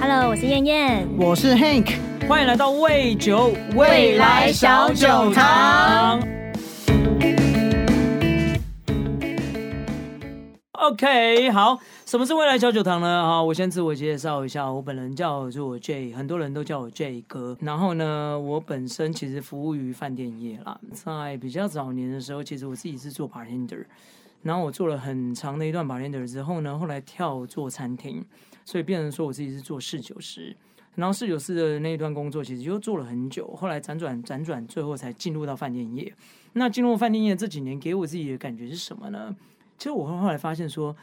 Hello，我是燕燕，我是 Hank，歡迎來到未酒未來小酒堂。酒堂 OK，好，什麼是未來小酒堂呢？啊，我先自我介紹一下，我本人叫做 Jay，很多人都叫我 Jay 哥。然後呢，我本身其實服務於飯店業啦，在比較早年的時候，其實我自己是做 bartender，然後我做了很長的一段 bartender 之後呢，後來跳做餐廳。所以變成說我自己是做侍酒師，然後侍酒師的那一段工作其實又做了很久，後來輾轉輾轉，最後才進入到飯店業。那進入飯店業這幾年，給我自己的感覺是什麼呢？其實我後來發現說，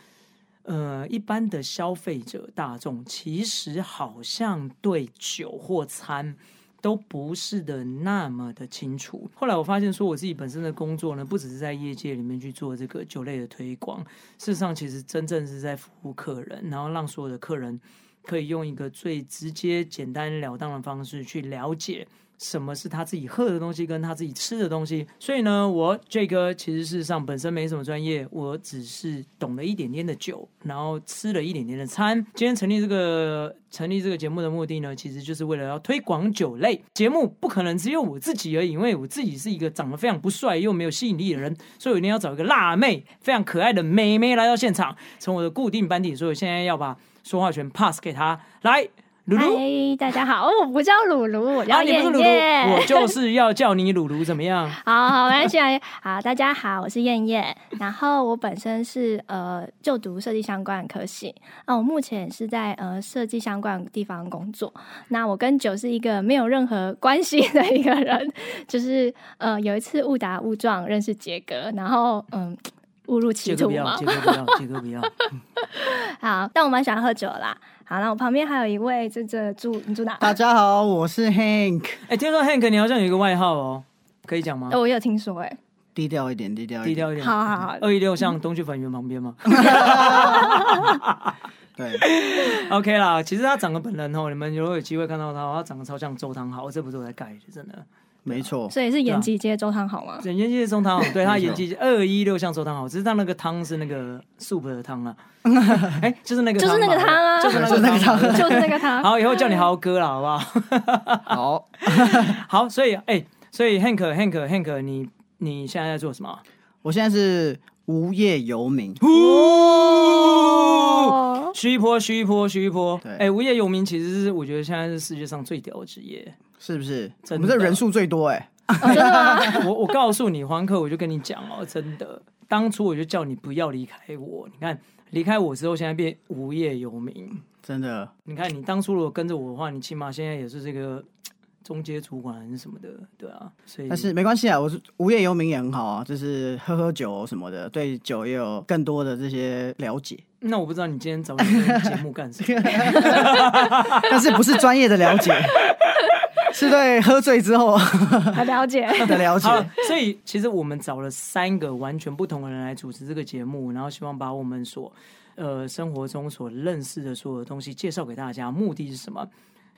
呃，一般的消費者大眾其實好像對酒或餐都不是的那麼的清楚。後來我發現說，我自己本身的工作呢，不只是在業界裡面去做這個酒類的推廣，事實上其實真正是在服務客人，然後讓所有的客人可以用一個最直接、簡單了當的方式去了解。什麼是他自己喝的東西，跟他自己吃的東西。所以呢，我這個其實事實上本身沒什麼專業，我只是懂了一點點的酒，然後吃了一點點的餐。今天成立這個成立這個節目的目的呢，其實就是為了要推廣酒類。節目不可能只有我自己而已，因為我自己是一個長得非常不帥又沒有吸引力的人，所以我一定要找一個辣妹，非常可愛的妹妹來到現場，成為我的固定班底。所以我現在要把說話權 pass 給她。來！嗨，露露 Hi, 大家好！哦，我不叫魯魯，我叫燕燕。啊，魯魯。我就是要叫你魯魯，怎麼樣？ 好好，歡迎來。好，大家好，我是燕燕。 然後我本身是呃就讀設計相關的科系，啊，我目前是在呃設計相關的地方工作。那我跟酒是一個沒有任何關係的一個人，就是呃有一次誤打誤撞認識傑哥，然後嗯誤入歧途嘛？傑哥不要，傑哥不要，傑哥不要。 好，但我蠻喜歡喝酒啦。好了，我旁邊還有一位在這住，你住哪？大家好，我是 Hank。哎、欸，聽說 Hank 你好像有一個外號哦、喔，可以講嗎？呃、哦，我有聽說哎、欸，低調一點，低調低調一點。低調一點。好好好，二一六像東區粉圓旁邊嗎？對，OK 啦。其實他長得本人哦，你們如果有機會看到他，他長得超像周湯豪、喔，這不是我在蓋，真的。沒錯，所以是延吉街周湯豪嗎？延吉街周湯豪，對錯他延吉街二一六巷周湯豪，只是他那個湯是那個 soup 的湯啊。哎、 欸，就是那個湯，就是那個湯啊，就是那個湯， 就是那個湯。好，以後叫你豪哥了，好不好？ 好、 欸、好，所以哎、欸，所以 Hank, Hank Hank Hank，你你現在在做什麼？我現在是無業游民。噓一波，噓一波。噓一波。哎對、欸，無業游民其實是我覺得現在是世界上最屌的職業。是不是的我們這人數最多哎？我我告訴你，黃克，我就跟你講哦、喔，真的，當初我就叫你不要離開我。你看，離開我之後，現在變無業游民，真的。你看，你當初如果跟着我的話，你起碼現在也是這個中階主管什麼的，對啊。所以但是沒關係啊，我是無業游民也很好啊，就是喝喝酒什麼的，對酒也有更多的這些了解。 那我不知道你今天找我們節目幹什麼， 但是不是專業的了解。是對喝醉之後很了解，很 了解了，所以其實我們找了三個完全不同的人來主持這個節目，然後希望把我們所呃生活中所認識的所有的東西介紹給大家。目的是什麼？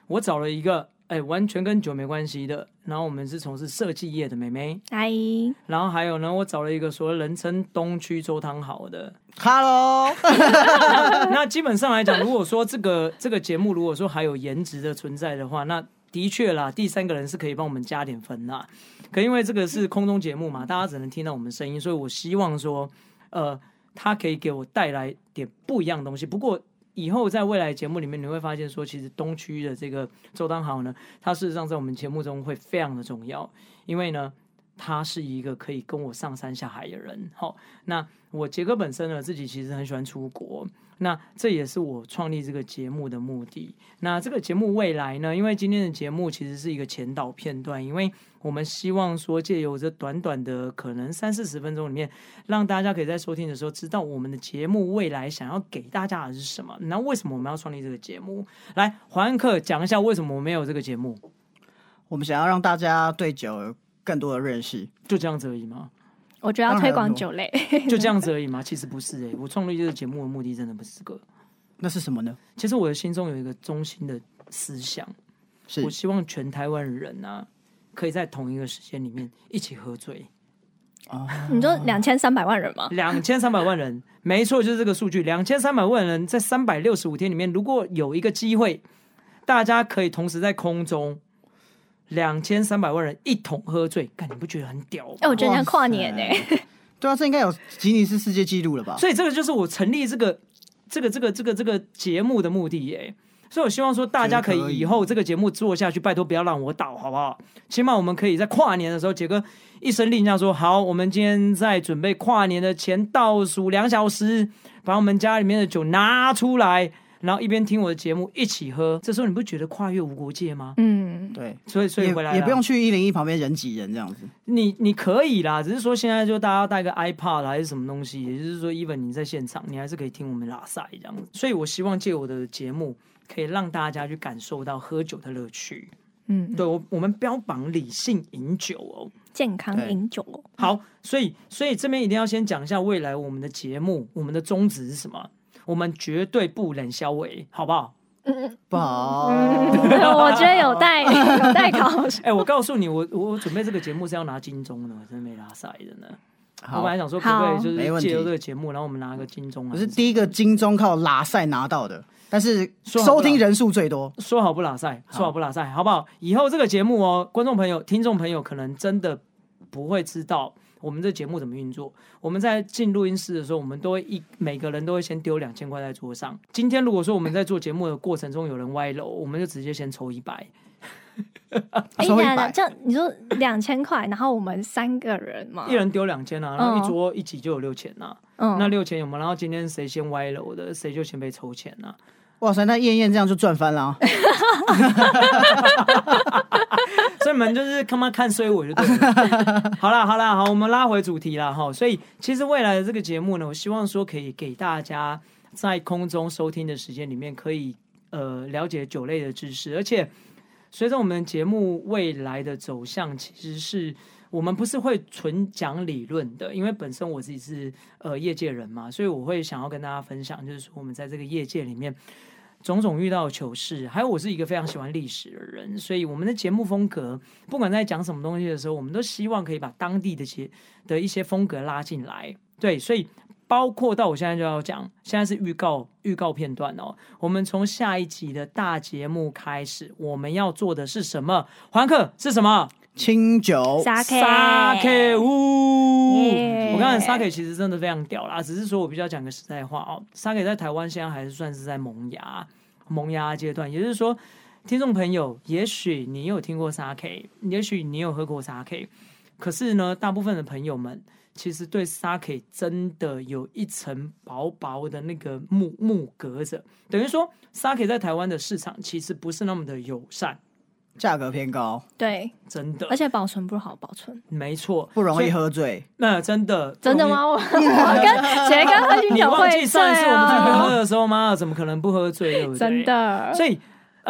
我找了一個哎、欸、完全跟酒沒關係的，然後我們是從事設計業的妹妹阿姨。Hi 然後還有呢，我找了一個所謂人稱東區周湯豪的，Hello 那。那基本上來講，如果說這個這個節目如果說還有顏值的存在的話，那。的確啦，第三個人是可以幫我們加點分吶。可因為這個是空中節目嘛，大家只能聽到我們聲音，所以我希望說，呃，他可以給我帶來點不一樣東西。不過以後在未來節目裡面，你會發現說，其實東區的這個周當好呢，他事實上在我們節目中會非常的重要，因為呢，他是一個可以跟我上山下海的人。好，那我傑哥本身呢，自己其實很喜歡出國。那這也是我創立這個節目的目的。那這個節目未來呢？因為今天的節目其實是一個前導片段，因為我們希望說，借由這短短的可能三四十分鐘裡面，讓大家可以在收聽的時候知道我們的節目未來想要給大家的是什麼。那為什麼我們要創立這個節目？來，黃安克講一下為什麼我們要有這個節目。我們想要讓大家對酒有更多的認識，就這樣子而已嗎？我主要推廣酒類，就這樣子而已嗎？ 其實不是誒、欸，我創立這個節目的目的真的不是個，那是什麼呢？其實我的心中有一個中心的思想，是我希望全台灣人呢、啊，可以在同一個時間裡面一起喝醉、啊、你說兩千三百萬人嗎？兩千三百萬人，沒錯，就是這個數據。兩千三百萬人在三百六十五天裡面，如果有一個機會，大家可以同時在空中。兩千三百萬人一同喝醉，幹你不覺得很屌？哎，我覺得像跨年呢、欸。哇塞 對啊，這應該有吉尼斯世界紀錄了吧？所以這個就是我成立這個這個這個這個這個節目的目的耶。所以我希望說，大家可以以後這個節目做下去，拜托不要讓我倒，好不好？起碼我們可以在跨年的時候，杰哥一聲令下說：“好，我們今天在準備跨年的前倒數兩小時，把我們家裡面的酒拿出來。”然後一邊聽我的節目，一起喝。這時候你不覺得跨越無國界嗎？嗯，對，所以所以回來也，也不用去一零一旁邊人擠人這樣子。你你可以啦，只是說，現在就大家要帶個 iPad 還是什麼東西，也就是說，even 你在現場，你還是可以聽我們拉薩一樣。所以我希望借我的節目，可以讓大家去感受到喝酒的樂趣。嗯，嗯，對我我們標榜理性飲酒哦，健康飲酒哦。對嗯、好，所以所以這邊一定要先講一下未來我們的節目，我們的宗旨是什麼。我們絕對不能消委，好不好？嗯，不好。我覺得有待有待考。哎、 欸，我告訴你，我我準備這個節目是要拿金鐘的，我真的沒拉塞的呢。好我本來想說，可不可以就是借由這個節目，好然後我們拿個金鐘啊？我鐘我是第一個金鐘靠拉塞拿到的，但是收聽人數最多。說好不拉塞，好說好不拉塞，好不好？以後這個節目哦，觀眾朋友、聽眾朋友可能真的。不會知道我們這節目怎麼運作。我們在進錄音室的時候，我們都會一每個人都會先丟兩千塊在桌上。今天如果說我們在做節目的過程中有人歪樓，我們就直接先抽一百。哎呀，這樣你說兩千塊，然後我們三個人嘛，一人丟兩千啊，然後一桌一集就有六千啊。嗯，那六千有嗎？然後今天誰先歪樓的，誰就先被抽錢啊。哇塞，那燕燕這樣就賺翻了啊。 所以你們就是 come on，看衰我就對了。 好啦好啦好，我們拉回主題了哈。所以其實未來的這個節目呢，我希望說可以給大家在空中收聽的時間裡面，可以呃了解酒類的知識。而且隨着我們節目未來的走向，其實是我們不是會純講理論的，因為本身我自己是呃業界人嘛，所以我會想要跟大家分享，就是說我們在這個業界裡面。種種遇到的糗事，還有我是一個非常喜歡歷史的人，所以我們的節目風格，不管在講什麼東西的時候，我們都希望可以把當地的些的一些風格拉進來。對，所以包括到我現在就要講，現在是預告預告片段哦。我們從下一集的大節目開始，我們要做的是什麼？黃克是什麼？清酒、沙克屋，我剛才沙克其實真的非常屌啦，只是說我比較講個實在話哦，沙克在台灣現在還是算是在萌芽、萌芽階段。也就是說，聽眾朋友，也許你有聽過沙克，也許你有喝過沙克，可是呢，大部分的朋友們其實對沙克真的有一層薄薄的那個木木格子。等於說，沙克在台灣的市場其實不是那麼的友善。價格偏高，對，真的，而且保存不好，保存沒錯錯，不容易喝醉，那真的，真的嗎？易 我跟傑哥 喝清酒，你忘記算是我們在喝酒的時候嗎？ 怎麼可能不喝醉對不對？真的，所以。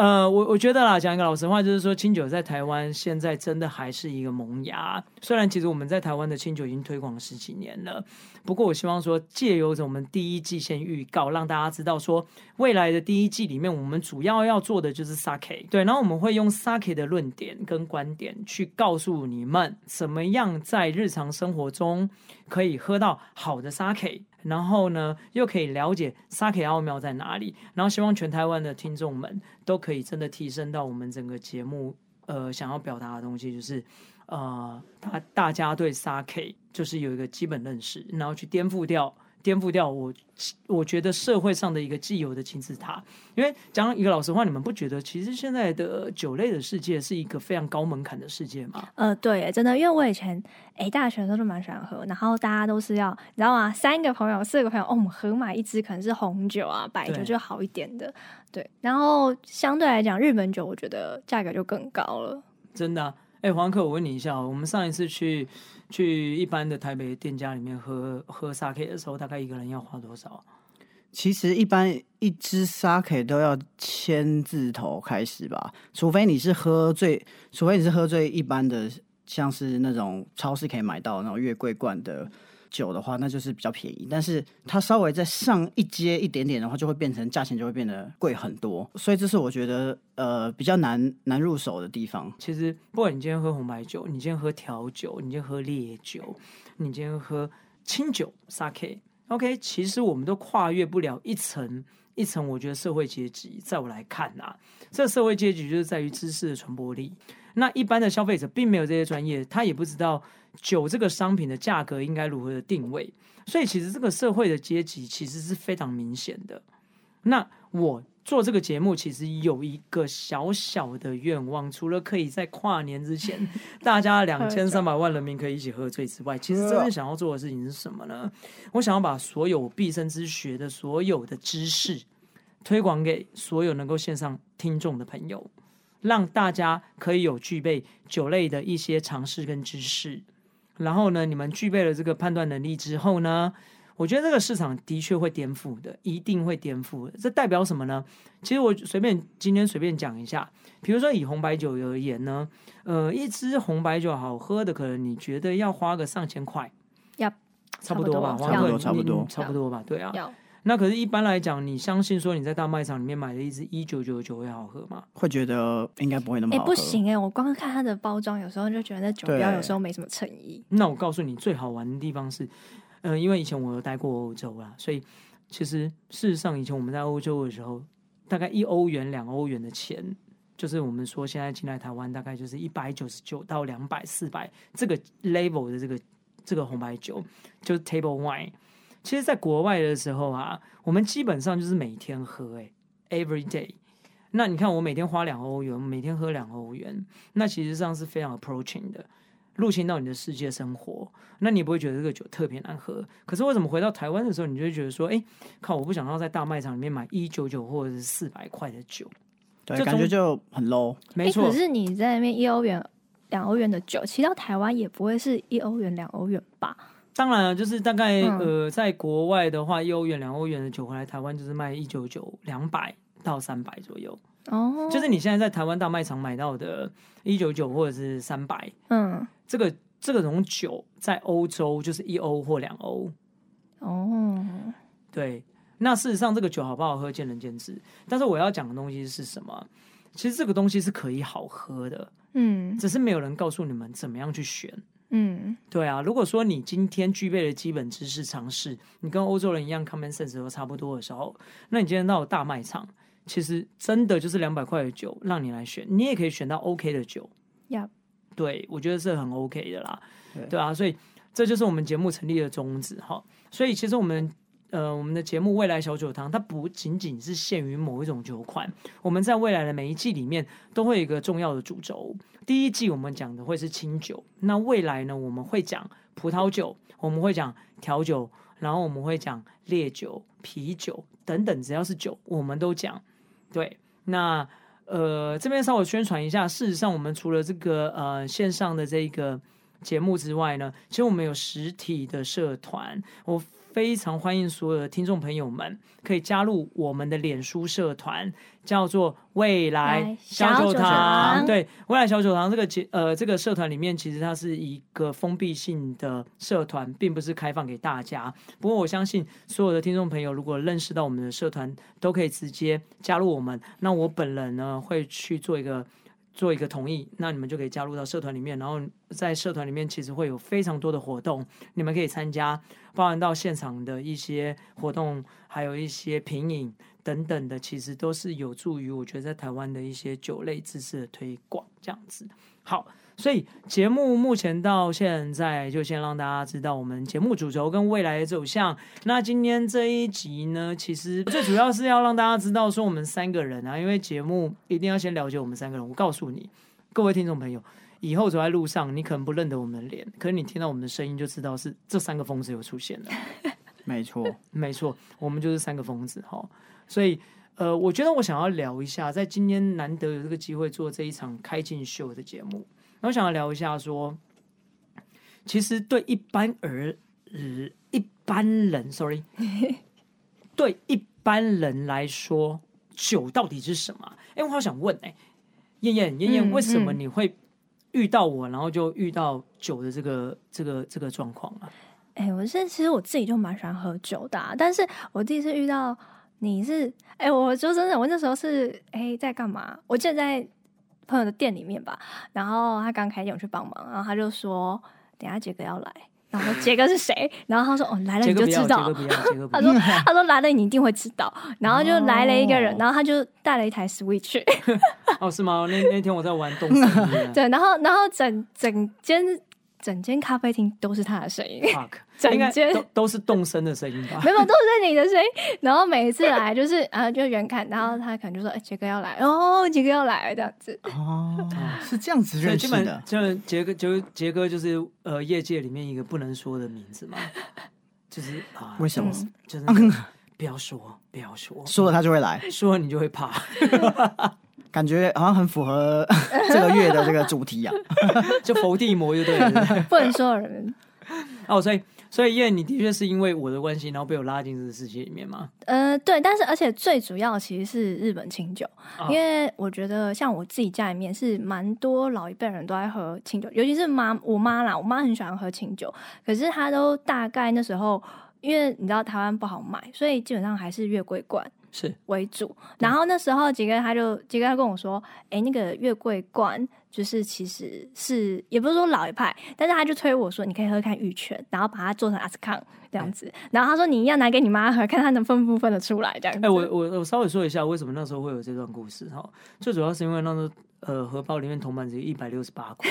呃，我我覺得啦，講一個老實話，就是說清酒在台灣現在真的還是一個萌芽。雖然其實我們在台灣的清酒已經推廣了十幾年了，不過我希望說借由着我們第一季先預告，讓大家知道說未來的第一季裡面，我們主要要做的就是 sake。對，然後我們會用 sake 的論點跟觀點去告訴你們，怎麼樣在日常生活中可以喝到好的 sake。然後呢，又可以了解 Sake 奧妙在哪裡。然後希望全台灣的聽眾們都可以真的提升到我們整個節目，呃，想要表達的東西，就是，呃，大大家對 Sake 就是有一個基本認識，然後去顛覆掉。顛覆掉我，我覺得社會上的一個既有的金字塔。因為講一個老實話，你們不覺得其實現在的酒類的世界是一個非常高門檻的世界嗎？呃，對，真的，因為我以前誒，大學的時候就蠻喜歡喝，然後大家都是要，你知道嗎？三個朋友，四個朋友，哦，我們合買一支可能是紅酒啊、白酒就好一點的。對，對，然後相對來講，日本酒我覺得價格就更高了。真的，啊，哎，黃克，我問你一下，我們上一次去。去一般的台北店家裡面喝喝 sake 的時候，大概一個人要花多少？其實一般一支 sake 都要千字頭開始吧，除非你是喝最，除非你是喝最一般的，像是那種超市可以買到那種月桂冠的。酒的話，那就是比較便宜，但是它稍微再上一階一點點的話，就會變成價錢就會變得貴很多，所以這是我覺得呃比較難難入手的地方。其實不管你今天喝紅白酒，你今天喝調酒，你今天喝烈酒，你今天喝清酒，Sake，OK，其實我們都跨越不了一層一層。我覺得社會階級，在我來看啊，這社會階級就是在於知識的傳播力。那一般的消費者並沒有這些專業，他也不知道。酒這個商品的價格應該如何的定位？所以其實這個社會的階級其實是非常明顯的。那我做這個節目，其實有一個小小的願望，除了可以在跨年之前，大家兩千三百萬人民可以一起喝醉之外，其實真正想要做的事情是什麼呢？我想要把所有畢生之學的所有的知識推廣給所有能夠線上聽眾的朋友，讓大家可以有具備酒類的一些常識跟知識。然後呢，你們具備了這個判斷能力之後呢，我覺得這個市場的確會顛覆的，一定會顛覆。這代表什麼呢？其實我隨便今天隨便講一下，比如說以紅白酒而言呢，呃，一支紅白酒好喝的，可能你覺得要花個上千塊，要 Yep, 差不多吧，差不多，差不多，要差不多吧，對啊。那可是，一般來講，你相信說你在大賣場裡面買的一支一九九九會好喝嗎？會覺得應該不會那麼好喝。欸、不行哎、欸，我光看它的包裝，有時候就覺得那酒標有時候沒什麼誠意。對那我告訴你，最好玩的地方是，嗯、呃，因為以前我有待過歐洲啦，所以其實事實上，以前我們在歐洲的時候，大概一歐元、兩歐元的錢，就是我們說現在進來台灣大概就是一百九十九到兩百四百這個 level 的這個這個紅白酒，就是 table wine。其實，在國外的時候啊，我們基本上就是每天喝，欸，哎，every day。那你看，我每天花兩歐元，每天喝兩歐元，那其實上是非常 approaching 的，入侵到你的世界生活。那你不會覺得這個酒特別難喝。可是為什麼回到台灣的時候，你就會覺得說，哎，靠，我不想要在大賣場裡面買一九九或者是四百塊的酒，對從感覺就很 low。沒錯，可是你在那邊一歐元、兩歐元的酒，其實到台灣也不會是一歐元、兩歐元吧？當然了，就是大概、嗯、呃，在國外的話，一歐元、兩歐元的酒，回來台灣就是賣一九九、兩百到三百左右。哦，就是你現在在台灣大賣場買到的一九九或者是三百，嗯，這個，這種酒在歐洲就是一歐或兩歐。哦，對，那事實上這個酒好不好喝，見仁見智。但是我要講的東西是什麼？其實這個東西是可以好喝的，嗯，只是沒有人告訴你們怎麼樣去選。嗯，對啊，如果說你今天具備了基本知識常識，你跟歐洲人一樣 common sense 都差不多的時候，那你今天到大賣場，其實真的就是兩百塊的酒讓你來選，你也可以選到 OK 的酒。嗯、對，我覺得是很 OK 的啦，對，對啊，所以這就是我們節目成立的宗旨哈。所以其實我們。呃，我們的節目《未來小酒堂》它不僅僅是限於某一種酒款，我們在未來的每一季裡面都會有一個重要的主軸。第一季我們講的會是清酒，那未來呢我們會講葡萄酒，我們會講調酒，然後我們會講烈酒、啤酒等等，只要是酒我們都講。對，那呃這邊稍微宣傳一下，事實上我們除了這個呃線上的這個節目之外呢，其實我們有實體的社團，我。非常歡迎所有的聽眾朋友們可以加入我們的臉書社團，叫做“未來小酒堂”。對，“未來小酒堂”這個，呃，這個社團裡面，其實它是一個封閉性的社團，並不是開放給大家。不過我相信所有的聽眾朋友，如果認識到我們的社團，都可以直接加入我們。那我本人呢，會去做一個。做一個同意，那你們就可以加入到社團裡面。然後在社團裡面，其實會有非常多的活動，你們可以參加，包含到現場的一些活動，還有一些品飲等等的，其實都是有助於我覺得在台灣的一些酒類知識的推廣，這樣子的。好。所以節目目前到現在，就先讓大家知道我們節目主軸跟未來的走向。那今天這一集呢，其實最主要是要讓大家知道，說我們三個人啊，因為節目一定要先了解我們三個人。我告訴你，各位聽眾朋友，以後走在路上，你可能不認得我們的臉，可是你聽到我們的聲音，就知道是這三個瘋子有出現了。沒錯，沒錯，我們就是三個瘋子哈。所以，呃，我覺得我想要聊一下，在今天難得有這個機會做這一場開鏡秀的節目。我想要聊一下說，說其實對一般而一般人，sorry，對一般人來說，酒到底是什麼？哎、欸，我好想問哎、欸，燕燕，燕燕，為什麼你會遇到我，然後就遇到酒的這個、這個、這個狀況啊？哎、欸，我是其實我自己就蠻喜歡喝酒的、啊，但是我第一次遇到你是，哎、欸，我說真的，我那時候是哎、欸、在幹嘛？我記得在。朋友的店裡面吧，然後他剛開店我去幫忙，然後他就說等下杰哥要來，然後 杰哥是誰？然後他說哦來了你就知道，傑哥不要，傑哥不要，傑哥不要， 他說， 他，說他說來了你一定會知道，然後就來了一個人，哦、然後他就帶了一台 Switch，哦， 哦是嗎？那那天我在玩動森、啊， 對，然後然後整整間。整間咖啡廳都是他的聲音，H uck, 整間間都都是動聲的聲音吧？ 沒有，都是你的聲音。然後每一次來，就是啊， 就是袁凱，然後他可能就說：“哎、欸，杰哥要來哦，杰哥要來這樣子。”哦，是這樣子認識的。就杰哥，就杰哥，就是呃，業界裡面一個不能說的名字嘛。就是啊，呃、為什麼？就是不要說，不要說，說了他就會來，說了你就會怕。 感覺好像很符合這個月的這個主題呀，啊， 就伏地魔就對，是不是，不能說的人哦，所以所以因為你的確是因為我的關係，然後被我拉進這個世界裡面嗎？呃，對，但是而且最主要其實是日本清酒，啊，因為我覺得像我自己家裡面是蠻多老一輩人都在喝清酒，尤其是媽我媽啦，我媽很喜歡喝清酒，可是她都大概那時候，因為你知道台灣不好買，所以基本上還是月桂冠。是為主，然後那時候傑哥他就傑哥對他跟我說，哎、欸，那個月桂冠就是其實是也不是說老一派，但是他就推我說，你可以喝看玉泉，然後把它做成阿斯康這樣子，嗯、然後他說你一樣拿給你媽喝，看她能分不分得出來這樣子。哎、欸，我我我稍微說一下為什麼那時候會有這段故事哈，嗯、最主要是因為那時候。呃，荷包裡面銅板只有一百六十八塊。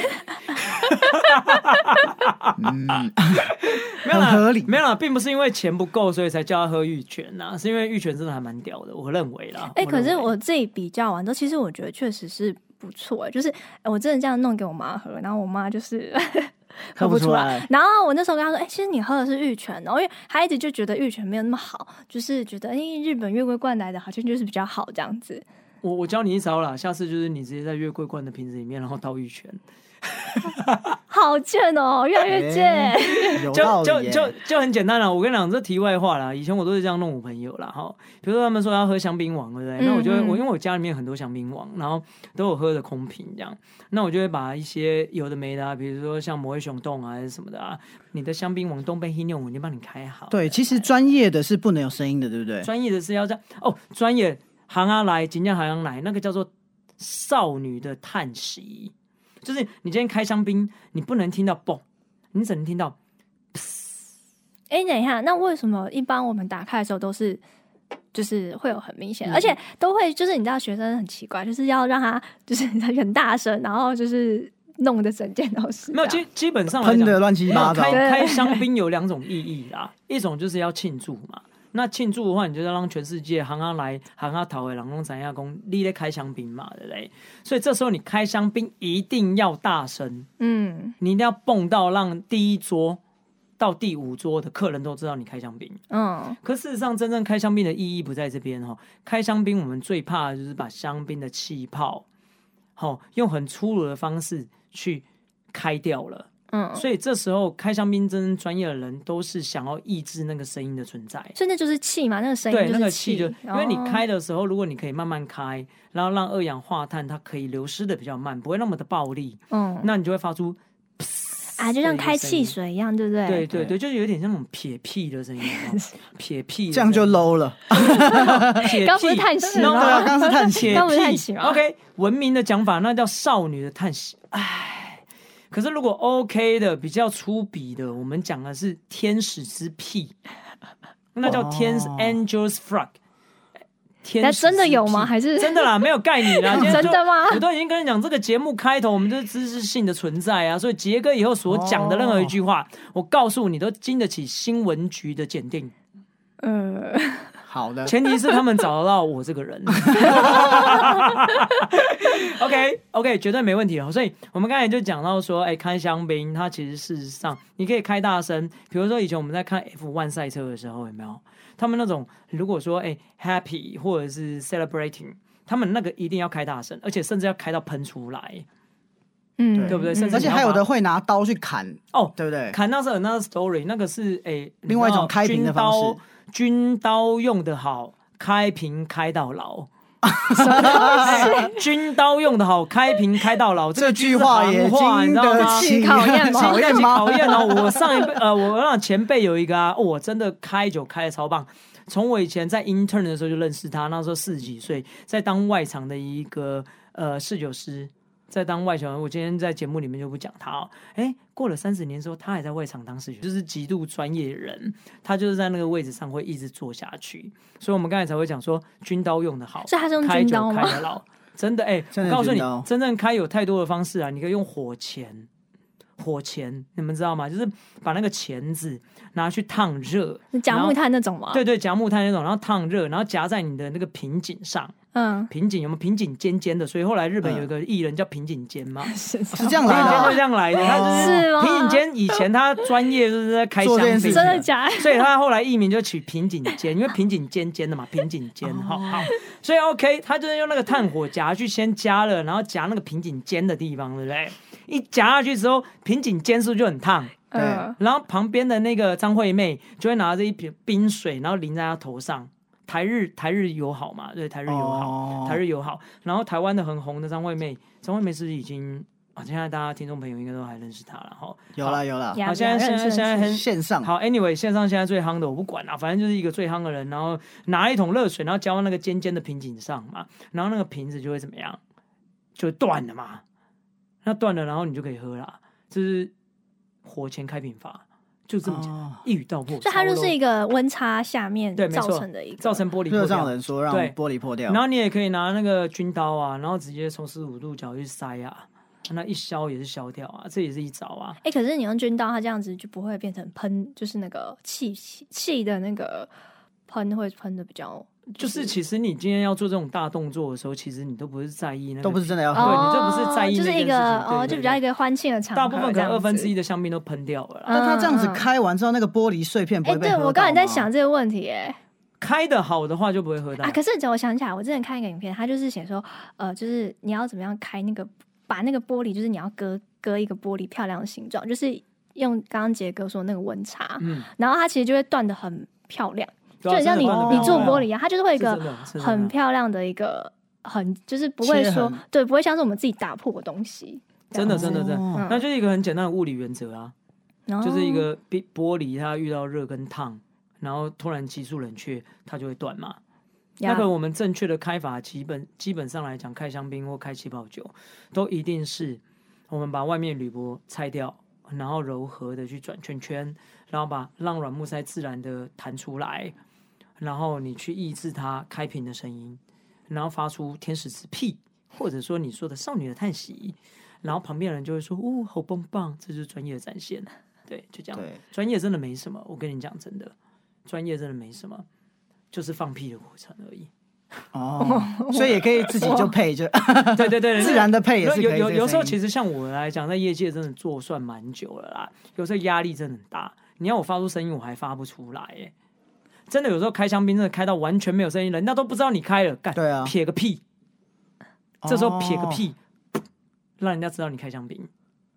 沒有啦，合理沒有啦，並不是因為錢不夠，所以才叫他喝玉泉吶，是因為玉泉真的還蠻屌的，我認為啦。哎、欸，可是我自己比較完之後，其實我覺得確實是不錯，就是我真的這樣弄給我媽喝，然後我媽就是 喝不出來。出來然後我那時候跟她說：“哎、欸，其實你喝的是玉泉哦。”然後因為她一直就覺得玉泉沒有那麼好，就是覺得因為、欸、日本月桂冠來的好像就是比較好這樣子。我我教你一招啦，下次就是你直接在月桂冠的瓶子裡面，然後倒玉泉。 好賤哦，越來越賤，就就就就很簡單了。我跟你講，這題外話啦。以前我都是這樣弄我朋友啦，哈。比如說他們說要喝香檳王，對不對？嗯、哼那我就會我因為我家裡面有很多香檳王，然後都有喝的空瓶這樣。那我就會把一些有的沒的、啊，比如說像挪威熊洞啊，還是什麼的啊。你的香檳王東北，希紐，我已經幫你開好。對，對對其實專業的是不能有聲音的，對不對？專業的是要這樣哦，專業。行啊，來！今天行啊，來！那個叫做少女的嘆息，就是你今天開香檳，你不能聽到“嘣”，你只能聽到“嘶”。哎、欸，等一下，那為什麼一般我們打開的時候都是，就是會有很明顯，嗯、而且都會就是你知道學生很奇怪，就是要讓他就是很大聲，然後就是弄得整間都是。沒有基基本上來講噴的亂七八糟。開開香檳有兩種意義啦，一種就是要慶祝嘛。那慶祝的話，你就要讓全世界行啊來行啊討回郎公咱下功，你在開香檳嘛，對不對？所以這時候你開香檳一定要大聲，嗯，你一定要蹦到讓第一桌到第五桌的客人都知道你開香檳。嗯，可事實上，真正開香檳的意義不在這邊哈。開香檳我們最怕的就是把香檳的氣泡，好用很粗魯的方式去開掉了。嗯，所以這時候開香檳，真正專業的人都是想要抑制那個聲音的存在，所以那就是氣嘛，那個聲音就是氣對那個氣就，哦、因為你開的時候，如果你可以慢慢開，然後讓二氧化碳它可以流失的比較慢，不會那麼的暴力，嗯，那你就會發出噗噗啊，就像開汽水一樣，對不對？對對對，就是有點像那種撇屁的聲音，嗯、撇屁，這樣就 low 了，剛 不是嘆息嗎？剛 是嘆息，剛 是嘆息，OK，文明的講法，那叫少女的嘆息，可是，如果 OK 的比較粗鄙的，我們講的是天使之屁，那叫天, angels flag, 天使 Angels Fuck，天真的有嗎？還是真的啦？沒有蓋你啦。 真的嗎？我都已經跟你講，這個節目開頭我們就是知識性的存在啊，所以杰哥以後所講的任何一句話，oh. 我告訴你都經得起新聞局的檢定。呃。好的，前提是他們找得到我這個人。 OK OK，絕對沒問題了哦。所以我們剛才就講到說，哎、欸，開香檳，它其實事實上你可以開大聲。比如說以前我們在看 F One 賽車的時候，有沒有？他們那種如果說哎、欸、Happy 或者是 Celebrating，他們那個一定要開大聲，而且甚至要開到噴出來。對嗯，對不對？甚至而且還有的會拿刀去砍哦，oh, 對不對？砍那是 another story，那個是哎，另外一種開瓶的方式。軍刀，軍刀用的好，開瓶開到老。什麼 軍刀用的好，開瓶開到老。這句話也經得起句話，話，你知道嗎？討厭你，考驗你，考我上一輩呃，我那前輩有一個啊，我、哦、真的開酒開的超棒。從我以前在 intern 的時候就認識他，那時候四十幾歲，在當外場的一個呃侍酒師。在當外場，我今天在節目裡面就不講他哦。哎，欸，過了三十年之後，他還在外場當時就是極度專業人。他就是在那個位置上會一直做下去，所以我們剛才才會講說軍刀用的好。所以他是用軍刀嗎？開酒開得好。真的哎，欸，真的我告訴你，真正開有太多的方式啊。你可以用火鉗，火鉗你們知道嗎？就是把那個鉗子拿去燙熱，夾木炭那種嗎？對對，夾木炭那種，然後燙熱，然後夾在你的那個瓶頸上。嗯，瓶頸有沒有瓶頸尖尖的？所以後來日本有一個藝人叫瓶頸尖嘛，是、嗯哦、是這樣來的、啊，瓶頸尖是這樣來的。他就是瓶頸尖，以前他專業就是在開箱子，真的假？所以他後來藝名就取瓶頸尖，因為瓶頸尖尖的嘛， 瓶頸尖，好好，所以 OK，他就是用那個炭火夾去先夾了，然後夾那個瓶頸尖的地方，對不對？一夾下去之後，瓶頸尖是不是就很燙，對。然後旁邊的那個張惠妹就會拿着一瓶冰水，然後淋在她頭上。台日台日友好嘛，對，台日友好，台日友好。然後台灣的很紅的張惠妹，張惠妹是已經啊，現在大家聽眾朋友應該都還認識她了哈。有了有了，好，現在現在現在線上。好，Anyway，線上現在最夯的我不管了，反正就是一個最夯的人，然後拿一桶熱水，然後澆到那個尖尖的瓶頸上嘛，然後那個瓶子就會怎麼樣，就斷了嘛。那斷了，然後你就可以喝了，就是火前開瓶法。就這麼講，oh. 一語道破。就它就是一個溫差下面造成的一個造成玻璃破掉。人說讓玻璃破掉，然後你也可以拿那個軍刀啊，然後直接從十五度角去塞啊，那一削也是削掉啊，這也是一招啊。哎、欸，可是你用軍刀，它這樣子就不會變成噴，就是那個氣氣的那個噴會噴的比較。就是其實你今天要做這種大動作的時候，其實你都不是在意那個都不是真的要喝對你這不是在意、oh, 那，就是一個哦，對對對 oh, 就比較一個歡慶的場大部分可能二分之一的香檳都噴掉了。那、嗯嗯嗯、他這樣子開完之後，那個玻璃碎片不會被，被、欸、對我剛才在想這個問題，哎，開得好的話就不會喝到啊。可是只要我想起來，我之前看一個影片，他就是寫說，呃，就是你要怎麼樣開那個，把那個玻璃，就是你要割割一個玻璃漂亮的形狀，就是用剛剛杰哥說那個溫差，嗯、然後它其實就會斷得很漂亮。啊、就很像你、哦、你做玻璃一、啊、樣，它就是會一個很漂亮的一個很就是不會說很對，不會像是我們自己打破的東西。真的真的真，的，嗯、那就是一個很簡單的物理原則啊，哦、就是一個玻玻璃它遇到熱跟燙，然後突然急速冷卻，它就會斷嘛。Yeah 那個我們正確的開法，基本基本上來講，開香檳或開氣泡酒，都一定是我們把外面鋁箔拆掉，然後柔和的去轉圈圈，然後把讓軟木塞自然的彈出來。然後你去抑制它開瓶的聲音，然後發出天使之屁，或者說你說的少女的嘆息，然後旁邊人就會說：“哦，好棒棒，這就是專業的展現。”對，就這樣。對，專業真的沒什麼，我跟你講真的，專業真的沒什麼，就是放屁的過程而已。哦， 所以也可以自己就配就，就我 對，對對對，自然的配也是，有有有時候，其實像我來講，在業界真的做算蠻久了啦，有時候壓力真的很大。你要我發出聲音，我還發不出來耶、欸。真的有時候開香檳，真的開到完全沒有聲音，人家都不知道你開了，幹，對啊，撇個屁，這時候撇個屁，oh, 讓人家知道你開香檳，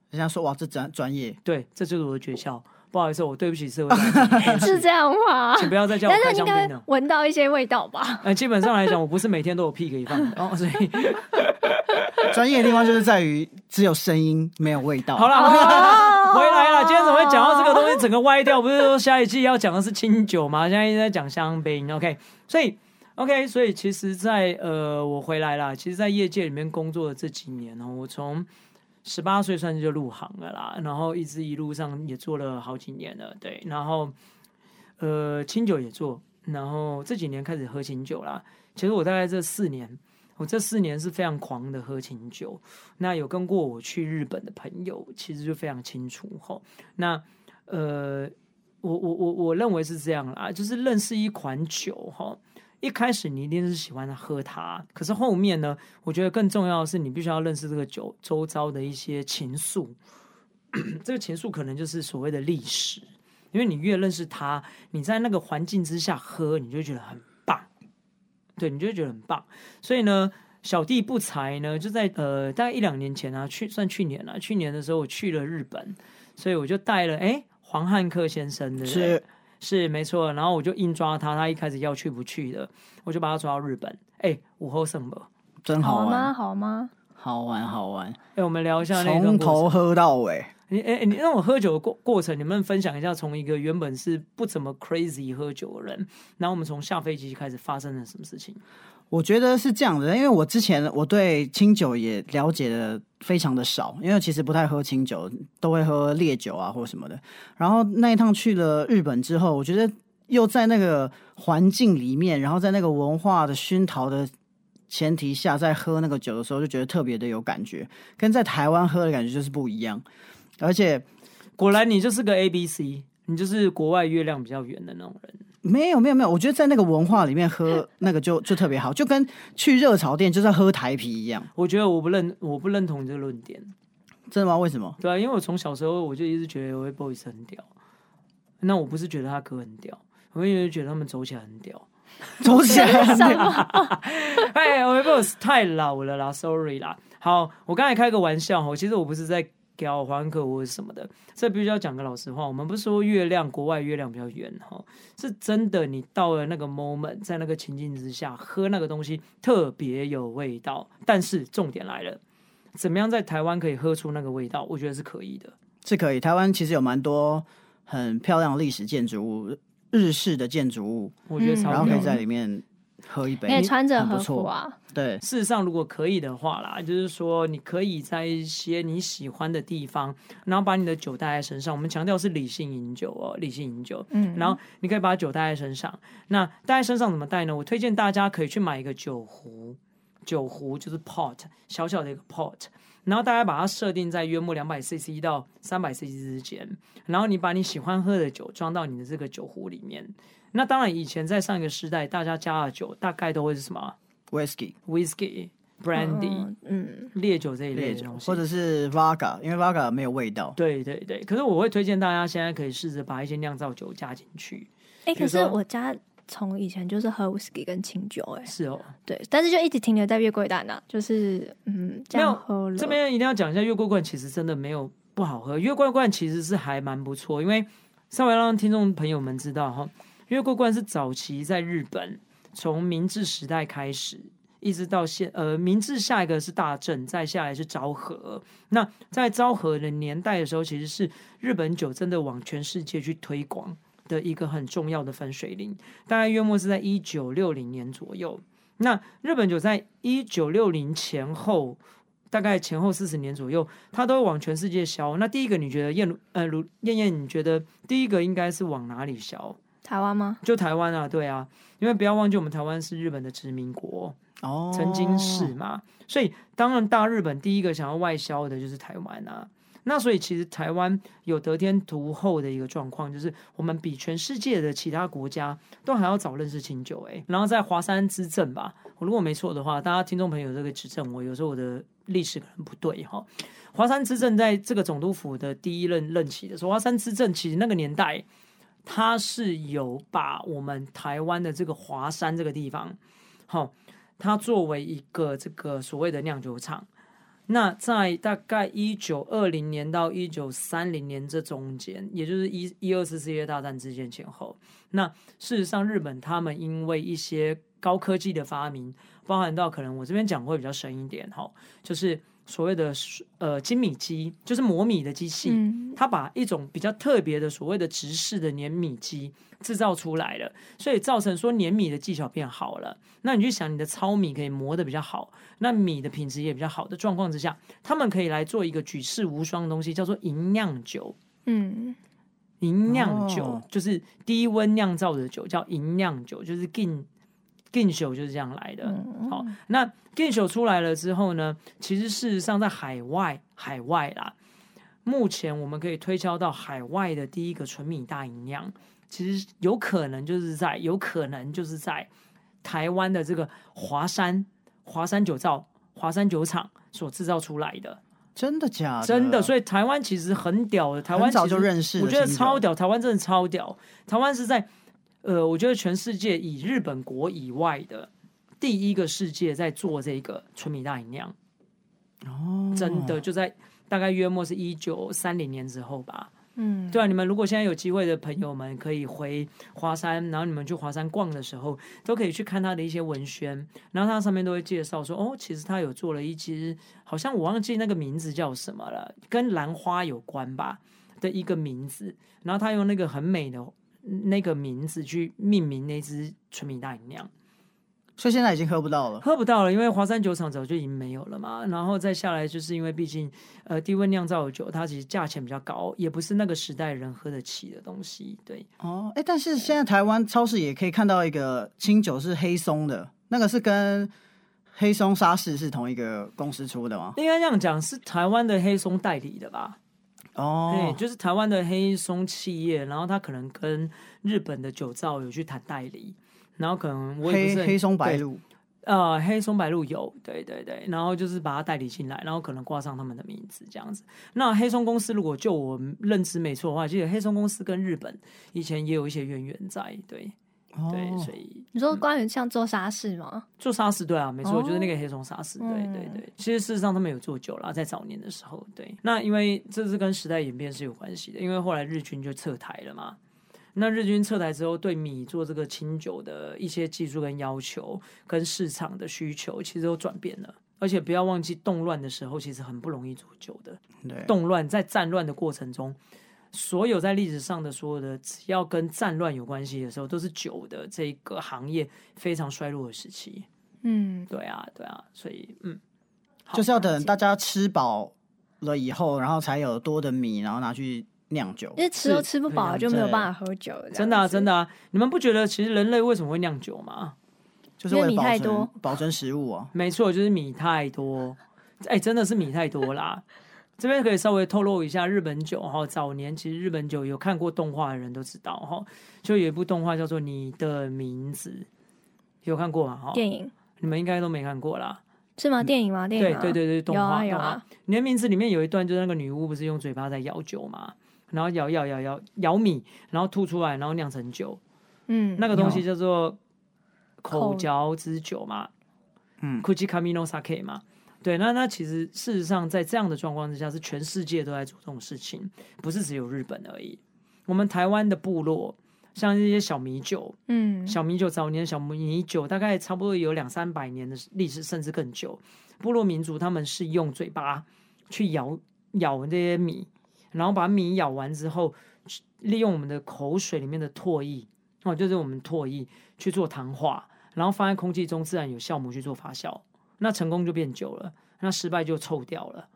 人家說哇這專專業，對，這就是我的訣竅，我不好意思，我對不起社會。 是這樣話請不要再叫我開香檳了，但是應該聞到一些味道吧？呃，基本上來講，我不是每天都有屁可以放的， 哦，所以專 業的地方就是在於只有聲音，沒有味道，好了。好啦 回來了，今天怎麼會講到這個東西？整個歪掉，不是說下一季要講的是清酒嗎？現在一直在講香檳，OK？所以，OK？所以，OK？所以，其實在，在呃，我回來了。其實，在業界裡面工作的這幾年呢，我從十八歲算是就入行了啦，然後一直一路上也做了好幾年了，對。然後，呃，清酒也做，然後這幾年開始喝清酒啦，其實我大概這四年。我這四年是非常狂的喝清酒，那有跟過我去日本的朋友，其實就非常清楚哦，那呃，我我我我認為是這樣啦，就是認識一款酒哈，一開始你一定是喜歡喝它，可是後面呢，我覺得更重要的是，你必須要認識這個酒周遭的一些情愫。這個情愫可能就是所謂的歷史，因為你越認識它，你在那個環境之下喝，你就覺得很。對，你就覺得很棒。所以呢，小弟不才呢，就在呃大概一兩年前啊，去算去年了啊。去年的時候我去了日本，所以我就帶了哎黃漢克先生的人是是沒錯。然後我就硬抓他，他一開始要去不去的，我就把他抓到日本。哎，午後什麼？真好玩嗎？好嗎？好玩好玩。哎，我們聊一下從頭喝到尾。你哎、欸，你讓我喝酒的過過程，你們分享一下。從一個原本是不怎麼 crazy 喝酒的人，然後我們從下飛機就開始發生了什麼事情？我覺得是這樣的，因為我之前我對清酒也了解得非常的少，因為其實不太喝清酒，都會喝烈酒啊或什麼的。然後那一趟去了日本之後，我覺得又在那個環境裡面，然後在那個文化的熏陶的前提下，在喝那個酒的時候，就覺得特別的有感覺，跟在台灣喝的感覺就是不一樣。而且，果然你就是個 A B C，你就是國外月亮比較圓的那種人。沒有沒有沒有，我覺得在那個文化裡面喝那個就就特別好，就跟去熱炒店就算喝台啤一樣。我覺得我不認我不認同你這個論點。真的嗎？為什麼？對啊，因為我從小時候我就一直覺得 L.A. Boyz 很屌。那我不是覺得他歌很屌，我因為覺得他們走起來很屌， 走起來很屌。哎，L.A. Boyz 太老了啦，Sorry 啦。好，我剛才開個玩笑，我其實我不是在。調換口味什麼的，這必須要講個老實話。我們不說月亮，國外月亮比較圓哈，是真的。你到了那個 moment，在那個情境之下，喝那個東西特別有味道。但是重點來了，怎麼樣在台灣可以喝出那個味道？我覺得是可以的，是可以。台灣其實有蠻多很漂亮的歷史建築物，日式的建築物，我覺得然後可以在裡面、嗯。喝一杯，你穿著很不錯啊。對，事實上，如果可以的話啦，就是說，你可以在一些你喜歡的地方，然後把你的酒帶在身上。我們強調是理性飲酒哦、喔，理性飲酒。嗯，然後你可以把酒帶在身上。嗯、那帶在身上怎麼帶呢？我推薦大家可以去買一個酒壺，酒壺就是 pot，小小的一個 pot，然後大家把它設定在約莫兩百 cc 到三百 cc 之間，然後你把你喜歡喝的酒裝到你的這個酒壺裡面。那當然，以前在上一個時代，大家加的酒大概都會是什麼？Whisky、Whisky Whis、Brandy，嗯，嗯，烈酒這一類的東西，或者是 Vaga 因為 Vaga 沒有味道。對對對。可是我會推薦大家現在可以試着把一些釀造酒加進去。哎、欸，可是我家從以前就是喝 Whisky 跟清酒、欸，哎，是哦，對，但是就一直停留在月桂冠啊，就是嗯，喝了沒有。這邊一定要講一下，月桂冠其實真的沒有不好喝，月桂冠其實是還蠻不錯，因為稍微讓聽眾朋友們知道哈。月桂冠是早期在日本，從明治時代開始，一直到現，呃，明治下一個是大正，再下來是昭和。那在昭和的年代的時候，其實是日本酒真的往全世界去推廣的一個很重要的分水嶺。大概約莫是在一九六零年左右。那日本酒在一九六零前後，大概前後四十年左右，它都往全世界銷。那第一個，你覺得燕呃如燕燕，你覺得第一個應該是往哪裡銷？台灣嗎？就台灣啊，對啊，因為不要忘記，我們台灣是日本的殖民國，哦，oh. 曾經是嘛，所以當然大日本第一個想要外銷的就是台灣啊，那所以其實台灣有得天獨厚的一個狀況，就是我們比全世界的其他國家都還要早認識清酒哎、欸，然後在樺山資紀吧，我如果沒錯的話，大家聽眾朋友這個指正我，有時候我的歷史可能不對哈，樺山資紀在這個總督府的第一任任期的時候，樺山資紀其實那個年代。他是有把我們台灣的這個華山這個地方，好、哦，他作為一個這個所謂的釀酒廠。那在大概一九二零年到一九三零年這中間，也就是一一二次世界大戰之間前後，那事實上日本他們因為一些高科技的發明，包含到可能我這邊講會比較深一點，哈、哦，就是。所謂的呃精米機，就是磨米的機器，嗯、它把一種比較特別的所謂的直式的碾米機製造出來了，所以造成說碾米的技巧變好了。那你就想，你的糙米可以磨得比較好，那米的品質也比較好的狀況之下，他們可以來做一個舉世無雙的東西，叫做吟釀酒。嗯，吟釀酒就是低溫釀造、嗯、造的酒，叫吟釀酒，就是近。吟釀就是這樣來的。嗯、好，那吟釀出來了之後呢？其實事實上，在海外，海外啦，目前我們可以推敲到海外的第一個純米大吟釀，其實有可能就是在，有可能就是在台灣的這個華山華山酒造、華山酒廠所製造出來的。真的假的？真的。所以台灣其實很屌的，台灣早就認識。我覺得超屌，台灣真的超屌。台灣是在。呃，我覺得全世界以日本國以外的，第一個世界在做這個純米大吟釀哦，真的就在大概約莫，是一九三零年之後吧。嗯，對啊，你們如果現在有機會的朋友們，可以回華山，然後你們去華山逛的時候，都可以去看他的一些文宣。然後他上面都會介紹說，哦，其實他有做了一支，好像我忘記那個名字叫什麼了，跟蘭花有關吧的一個名字。然後他用那個很美的。那個名字去命名那支純米大吟釀，所以現在已經喝不到了，喝不到了，因為華山酒廠早就已經沒有了嘛。然後再下來，就是因為畢竟呃低溫釀造的酒，它其實價錢比較高，也不是那個時代人喝得起的東西。對，哦，哎、欸，但是現在台灣超市也可以看到一個清酒是黑松的，那個是跟黑松沙士是同一個公司出的嗎？應該這樣講是台灣的黑松代理的吧？哦，oh, 對，就是台灣的黑松企業，然後他可能跟日本的酒造有去談代理，然後可能我也不是黑，對黑松白露，呃，黑松白露有，對對對，然後就是把它代理進來，然後可能掛上他們的名字這樣子。那黑松公司如果就我認知沒錯的話，其實黑松公司跟日本以前也有一些淵源在，對。對，所以你說關於像做沙士嗎？嗯。做沙士對啊，沒錯，就是那個黑松沙士。哦、對對對。其實事實上他們有做酒了，在早年的時候，對。那因為這是跟時代演變是有關係的，因為後來日軍就撤台了嘛。那日軍撤台之後，對米做這個清酒的一些技術跟要求，跟市場的需求其實都轉變了。而且不要忘記動亂的時候，其實很不容易做酒的。對，對，動亂在戰亂的過程中。所有在歷史上的所有的，只要跟戰亂有關係的時候，都是酒的這個行業非常衰落的時期。嗯，對啊，對啊，所以嗯，就是要等大家吃飽了以後，然後才有多的米，然後拿去釀酒。因為吃都吃不飽，就沒有辦法喝酒。啊，真的啊，真的啊，你們不覺得其實人類為什麼會釀酒嗎？就是為了保存米太多，保存食物哦。啊，沒錯，就是米太多。哎、欸，真的是米太多啦。 這邊可以稍微透露一下日本酒哈，早年其實日本酒有看過動畫的人都知道哈，就有一部動畫叫做《你的名字》，有看過嗎？哈，電影你們應該都沒看過啦，是嗎？電影嗎？電影啊？對對對對，有啊有啊，動畫，《你的名字》裡面有一段就是那個女巫不是用嘴巴在咬酒嘛，然後咬咬咬咬咬米，然後吐出來，然後釀成酒，嗯，那個東西叫做口嚼之酒嘛，有口嗯，Kuchikamino sake 嘛。對，那那其實事實上，在這樣的狀況之下，是全世界都在做這種事情，不是只有日本而已。我們台灣的部落，像這些小米酒，嗯，小米酒早年小米酒大概差不多有兩三百年的歷史，甚至更久。部落民族他們是用嘴巴去咬，咬這些米，然後把米咬完之後，利用我們的口水裡面的唾液，哦，就是我們唾液去做糖化，然後放在空氣中，自然有酵母去做發酵。那成功就變酒了，那失敗就臭掉了。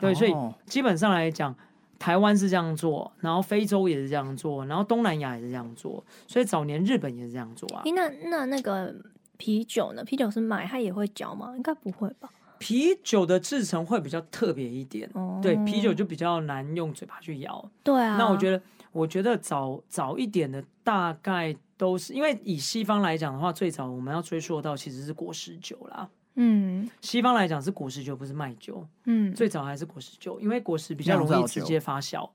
對，所以基本上來講，oh. 台灣是這樣做，然後非洲也是這樣做，然後東南亞也是這樣做，所以早年日本也是這樣做啊。欸、那那那個啤酒呢？啤酒是買它也會嚼嗎？應該不會吧？啤酒的製程會比較特別一點，oh. 對，啤酒就比較難用嘴巴去咬。對啊。那我覺得，我覺得早早一點的大概。都是因為以西方來講的話，最早我們要追溯到其實是果實酒啦。嗯，西方來講是果實酒，不是麥酒。嗯，最早還是果實酒，因為果實比較容易直接發酵，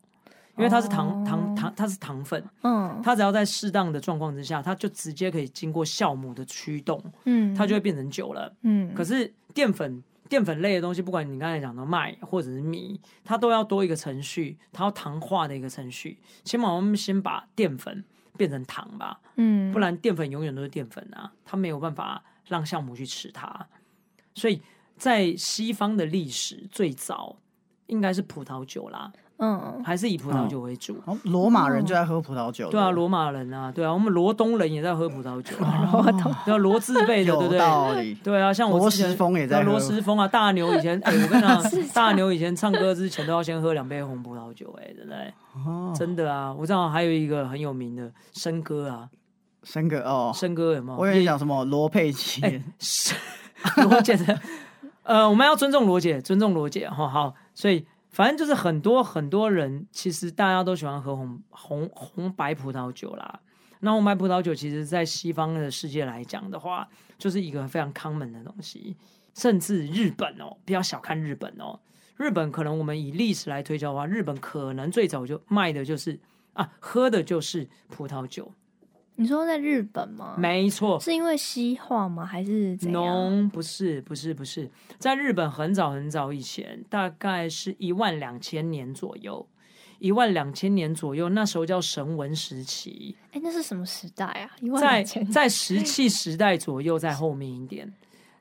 因為它是糖、哦、糖糖，它是糖粉。嗯、哦，它只要在適當的狀況之下，它就直接可以經過酵母的驅動。嗯，它就會變成酒了。嗯，可是澱粉澱粉類的東西，不管你剛才講的麥或者是米，它都要多一個程序，它要糖化的一個程序，起碼我們先把澱粉，變成糖吧，不然澱粉永遠都是澱粉啊，他沒有辦法讓酵母去吃它，所以在西方的歷史最早應該是葡萄酒啦。嗯，還是以葡萄酒為主。羅馬人就愛喝葡萄酒。對啊，羅馬人啊，對啊，我們羅東人也在喝葡萄酒，叫羅字輩的，對不對？對啊，像我之前，羅時豐也在喝。羅時豐啊，大牛以前，哎，我跟他講，大牛以前唱歌之前都要先喝兩杯紅葡萄酒，哎，對不對哦，真的啊。我正好還有一個很有名的生哥啊，生哥哦，生哥有嗎？我也你講，什麼羅佩奇，羅姐的。呃，我們要尊重羅姐，尊重羅姐哈。好，所以。反正就是很多很多人，其實大家都喜歡喝紅紅紅白葡萄酒啦。那紅白葡萄酒其實，在西方的世界來講的話，就是一個非常 common 的東西。甚至日本哦，不要小看日本哦，日本可能我們以歷史來推敲的話，日本可能最早就賣的就是啊，喝的就是葡萄酒。你說在日本嗎？沒錯，是因為西化嗎？還是怎樣？no, 不是不是不是，在日本很早很早以前，大概是一萬兩千年左右，一萬兩千年左右，那時候叫繩文時期。哎，那是什麼時代啊？一萬在在石器時代左右， 在後面一點，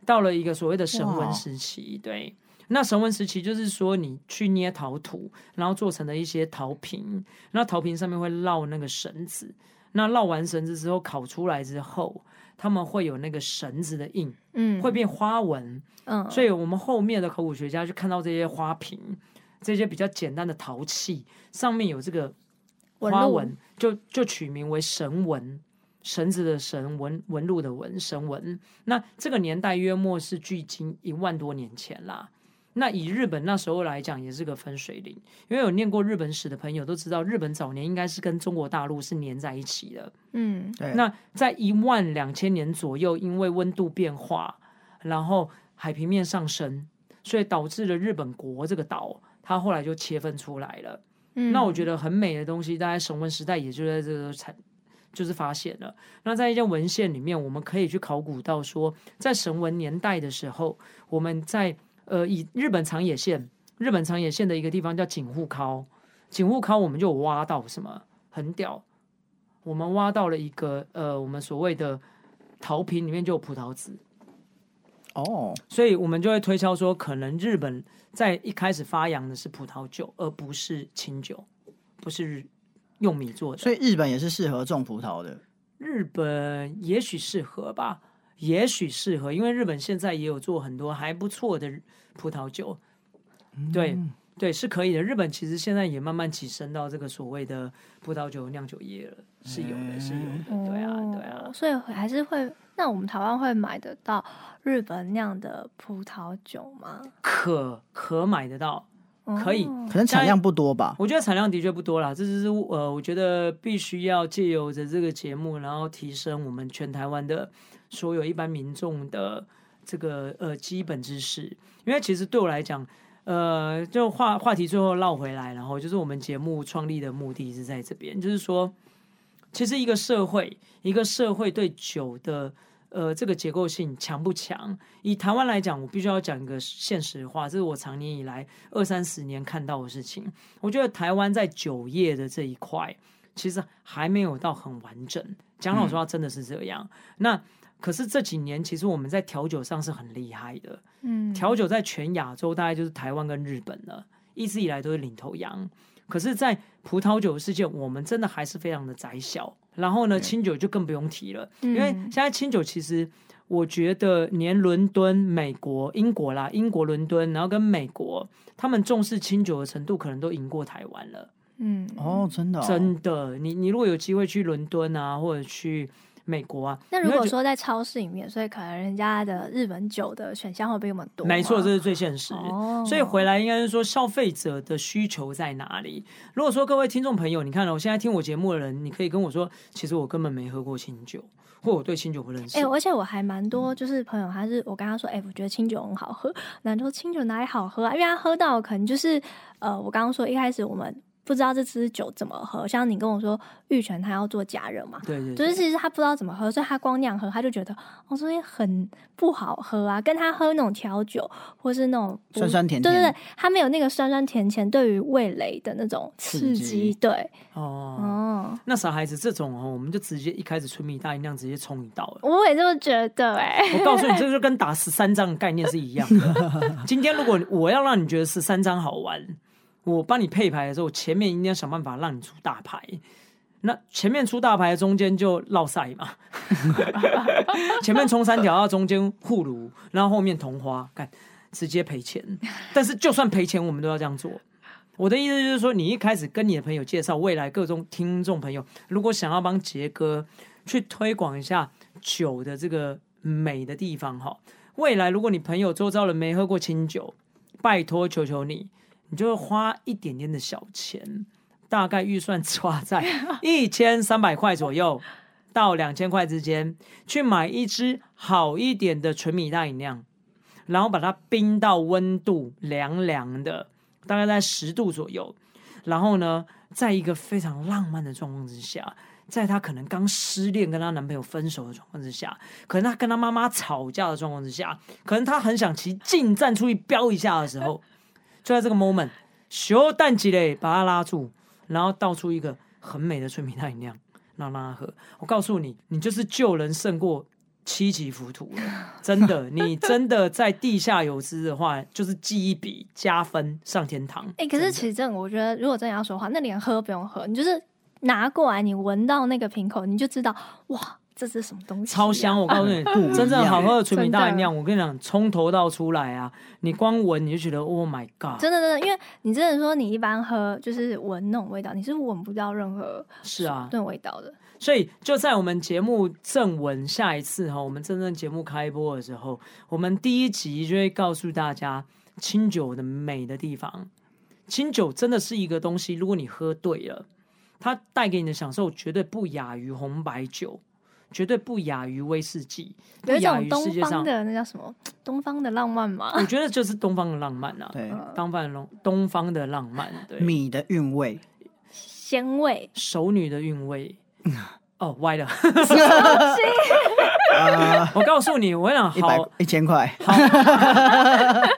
到了一個所謂的繩文時期。哇對，那繩文時期就是說，你去捏陶土，然後做成的一些陶瓶，然後陶瓶上面會繞那個繩子。那繞完繩子之後，烤出來之後，他們會有那個繩子的印，嗯，會變花紋，嗯，所以我們後面的考古學家就看到這些花瓶，這些比較簡單的陶器上面有這個花紋，紋路就就取名為繩紋，繩子的繩紋，紋路的紋繩紋。那這個年代約莫是距今一萬多年前啦。那以日本那時候來講，也是個分水嶺，因為有念過日本史的朋友都知道，日本早年應該是跟中國大陸是連在一起的。嗯，那在一萬兩千年左右，因為溫度變化，然後海平面上升，所以導致了日本國這個島，它後來就切分出來了。嗯，那我覺得很美的東西，大家神文時代也就在這個就是發現了。那在一些文獻裡面，我們可以去考古到說，在神文年代的時候，我們在。呃，以日本長野縣，日本長野縣的一個地方叫井戶尻，井戶尻，我們就挖到什麼很屌，我們挖到了一個呃，我們所謂的陶瓶裡面就有葡萄籽，哦，oh. 所以我們就會推敲說，可能日本在一開始發揚的是葡萄酒，而不是清酒，不是用米做的。所以日本也是適合種葡萄的。日本也許適合吧。也許適合，因為日本現在也有做很多還不錯的葡萄酒，嗯、對對，是可以的。日本其實現在也慢慢提升到這個所謂的葡萄酒釀酒業了，是有的，是有的。欸、對啊，對啊。所以還是會，那我們台灣會買得到日本釀的葡萄酒嗎？可可買得到，可以，可能產量不多吧？我覺得產量的確不多啦。這，就是呃，我覺得必須要借由着這個節目，然後提升我們全台灣的。所有一般民眾的這個呃基本知識，因為其實對我來講，呃，就話話題最後繞回來，然後就是我們節目創立的目的是在這邊，就是說，其實一個社會，一個社會對酒的呃這個結構性強不強？以台灣來講，我必須要講一個現實話，這是我常年以來二三十年看到的事情。我覺得台灣在酒業的這一塊，其實還沒有到很完整。講老實話真的是這樣，嗯、那。可是這幾年，其實我們在調酒上是很厲害的。嗯，調酒在全亞洲大概就是台灣跟日本了，一直以來都是領頭羊。可是，在葡萄酒的世界，我們真的還是非常的窄小。然後呢，清酒就更不用提了，嗯、因為現在清酒其實，我覺得連倫敦、美國、英國啦，英國倫敦，然後跟美國，他們重視清酒的程度，可能都贏過台灣了。嗯，哦，真的、哦，真的，你你如果有機會去倫敦啊，或者去。美國啊，那如果說在超市裡面，所以可能人家的日本酒的選項會比我們多。沒錯，這是最現實。哦，所以回來應該是說消費者的需求在哪裡？如果說各位聽眾朋友，你看了，哦、我現在聽我節目的人，你可以跟我說，其實我根本沒喝過清酒，或我對清酒不認識。哎、欸，而且我還蠻多，就是朋友還是我剛剛說，哎、嗯欸，我覺得清酒很好喝，難道清酒哪裡好喝、啊？因為他喝到可能就是呃，我剛剛說一開始我們。不知道這支酒怎麼喝，像你跟我說玉泉他要做加熱嘛，對對、對，就是其實他不知道怎麼喝，所以他光釀喝，他就覺得哦，所以很不好喝啊。跟他喝那種調酒或是那種酸酸甜甜，對對對，他沒有那個酸酸甜甜對於味蕾的那種刺激，刺激對哦、哦那小孩子，這種哦，我們就直接一開始純米大吟釀，那樣直接衝一道，我也這麼覺得哎。 我告訴你，這就跟打十三張的概念是一樣的。 今天如果我要讓你覺得十三張好玩。我幫你配牌的時候，我前面一定要想辦法讓你出大牌。那前面出大牌，中間就落賽嘛。 前面衝三條，然後中間葫蘆，然後後面同花，看直接賠錢。但是就算賠錢，我們都要這樣做。我的意思就是說，你一開始跟你的朋友介紹，未來各種聽眾朋友，如果想要幫杰哥去推廣一下酒的這個美的地方哈，未來如果你朋友周遭人沒喝過清酒，拜托求求你。你就會花一點點的小錢，大概預算抓在一千三百塊左右到兩千塊之間，去買一支好一點的純米大吟釀，然後把它冰到溫度涼涼的，大概在十度左右。然後呢，在一個非常浪漫的狀況之下，在她可能剛失戀、跟她男朋友分手的狀況之下，可能她跟她媽媽吵架的狀況之下，可能她很想騎勁戰出去飆一下的時候。就在這個 moment，修但幾咧把他拉住，然後倒出一個很美的純米大吟釀，然後讓他喝。我告訴你，你就是救人勝過七級浮屠，真的，你真的在地下有知的話，就是記一筆加分上天堂。哎 的、欸，可是其實真的，我覺得如果真的要說話，那連喝不用喝，你就是拿過來，你聞到那個瓶口，你就知道，哇！這是什麼東西、啊？超香！我告訴你，啊、真正好喝的純米大吟釀， 我跟你講，從頭到出來啊，你光聞你就覺得，Oh my god！真的，真的，因為你真的說你一般喝就是聞那種味道，你是聞不到任何是啊，那種味道的、啊。所以就在我們節目正文下一次哈，我們真正節目開播的時候，我們第一集就會告訴大家清酒的美的地方。清酒真的是一個東西，如果你喝對了，它帶給你的享受絕對不亞於紅白酒。絕對不亞於威士忌，有一種東方的那叫什麼東方的浪漫嘛？我覺得就是東方的浪漫啊，對，東方的東方的浪漫，對，米的韻味，鮮味，熟女的韻味，哦、嗯，oh, 歪了，我告訴你，我想好好，一千塊，好。100,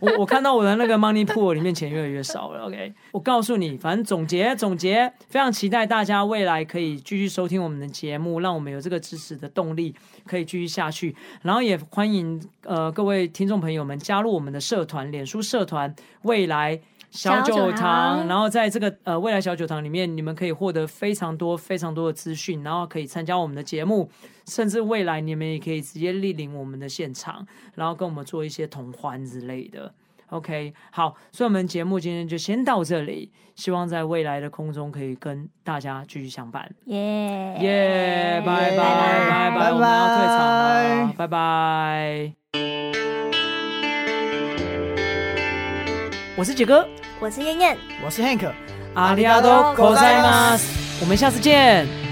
我 我看到我的那個 Money Pool 裡面錢越來越少了，OK？ 我告訴你，反正總結總結，非常期待大家未來可以繼續收聽我們的節目，讓我們有這個支持的動力可以繼續下去。然後也歡迎呃各位聽眾朋友們加入我們的社團，臉書社團，未來。小酒堂，小小酒然後在這個呃未來小酒堂裡面，你們可以獲得非常多非常多的資訊，然後可以參加我們的節目，甚至未來你們也可以直接蒞臨我們的現場，然後跟我們做一些同歡之類的。OK，好，所以我們節目今天就先到這裡，希望在未來的空中可以跟大家繼續相伴。耶耶，拜拜拜拜，我們要退場了，拜拜。我是杰哥，我是燕燕，我是漢克，ありがとうございます，我們下次見。